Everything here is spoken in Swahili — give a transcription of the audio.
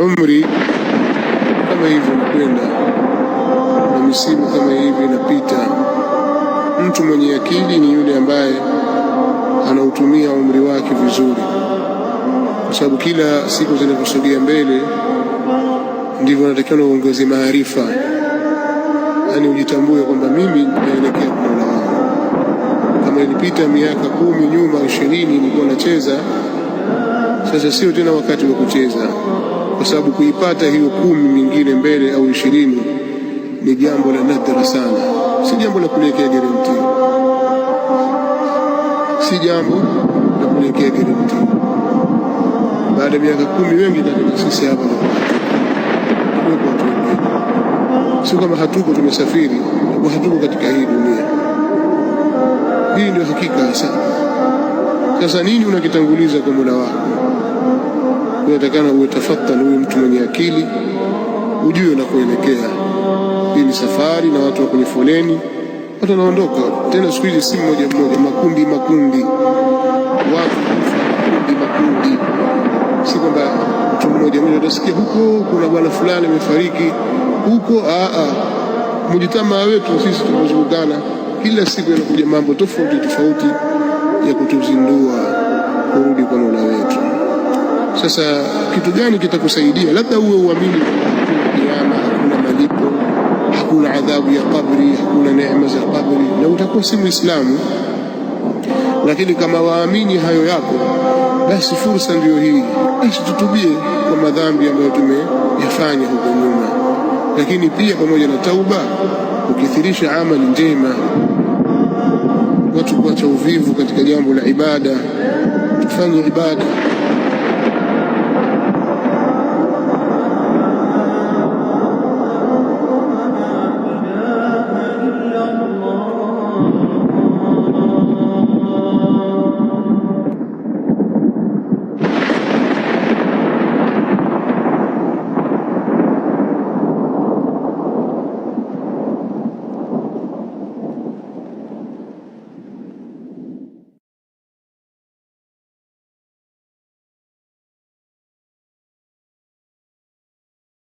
umri kama hivyo nakwenda na misimu kama hivi inapita. Mtu mwenye akili ni yule ambaye anautumia umri wake vizuri, kwa sababu kila siku zinavyosogea mbele ndivyo natakiwa uongeze maarifa, yaani ujitambue kwamba mimi naelekea kwa wangu. Kama ilipita miaka kumi nyuma, ishirini, nilikuwa nacheza, sasa sio tena wakati wa kucheza kwa sababu kuipata hiyo kumi mingine mbele au ishirini ni jambo la nadra sana, si jambo la kulekea garanti, si jambo la kulekea garanti. Baada ya miaka kumi wengi katika sisi hapa si kama hatuko tumesafiri, hatuko katika hii dunia. Hii ndio hakika hasa. Sasa nini unakitanguliza kwa Mola wako? unatakana uwe tafadhali, huyu mtu mwenye akili, ujue unakoelekea. Hii ni safari, na watu wa kwenye foleni, watu wanaondoka tena. Siku hizi si mmoja mmoja, makundi makundi, watu makundi makundi, si kwamba mtu mmoja mmoja. Utasikia huko kuna bwana fulani amefariki huko. Mujitamaa wetu sisi tunazungukana kila siku, yanakuja mambo tofauti tofauti ya kutuzindua kurudi kwa Mola wetu. Sasa kitu gani kitakusaidia? Labda uwe uamini kiama, hakuna malipo, hakuna adhabu ya kabri, hakuna neema za kabri, na utakuwa si Muislamu. Lakini kama waamini hayo yako, basi fursa ndiyo hii, basi tutubie kwa madhambi ambayo tumeyafanya huko nyuma. Lakini pia pamoja na tauba, ukithirisha amali njema, watu kuacha uvivu katika jambo la ibada, tufanye ibada